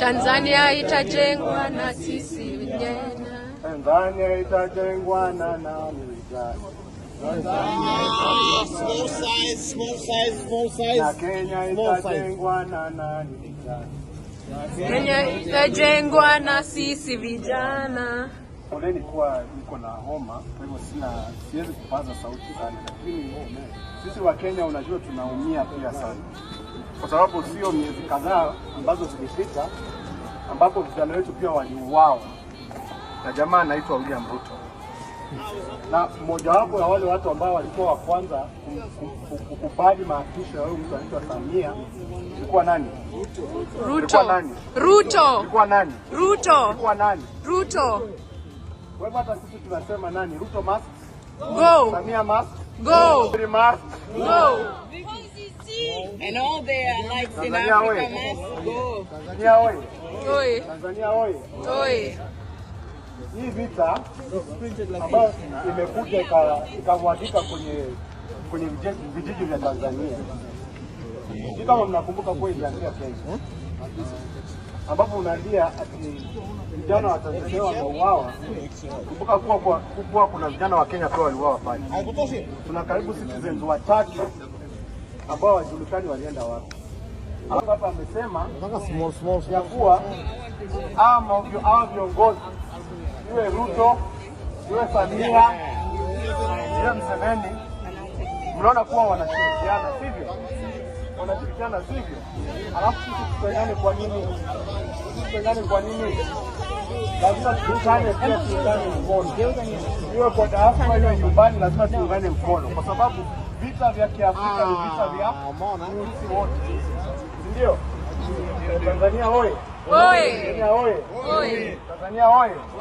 Tanzania itajengwa na sisi vijana. Tanzania itajengwa na nani vijana? Small size, small size, small size. Kenya itajengwa na nani vijana? Kenya itajengwa na sisi vijana. Poleni kuwa niko na homa, kwa hivyo sina siwezi kupaza sauti sana, lakini sisi wa Kenya unajua tunaumia pia sana kwa sababu sio miezi kadhaa ambazo zilipita ambapo vijana wetu pia waliuawa na jamaa anaitwa William Ruto, na mmojawapo ya wale watu ambao walikuwa wa kwanza kukubali maapisho ya huyu mtu anaitwa Samia ilikuwa nani? Ruto. Ruto. ilikuwa nani? Ruto. ilikuwa nani? Ruto. Wewe hata sisi tunasema nani? Ruto mask go. Samia mask go. Mask go. go. And all their lights in Africa must go. Tanzania oye. Oye. Tanzania oye. Oye. Hii vita ambayo imekuja ikamwagika kwenye kwenye vijiji vya Tanzania. Sijui kama mnakumbuka kuwa ilianzia Kenya, ambapo unaambia ati vijana wa Tanzania wameuawa. Kumbuka kuwa kuwa kuna vijana wa Kenya pia waliuawa pale. Tuna karibu citizens watatu ambao wajulikani walienda wapi. Hapa amesema ya kuwa hawa viongozi iwe Ruto iwe Samia iwe Mseveni, mnaona kuwa wanashirikiana, sivyo? Wanashirikiana, sivyo? Alafu sisi tutengane kwa nini? Tutengane kwa nini? lazima tuungane pia, tuungane mkono, iwe kwa daafua, iwe nyumbani, lazima tuungane mkono kwa sababu vita vya Kiafrika ni vita vya ah, Urusi wote, ndio Tanzania oye! Tanzania oye! Tanzania oye!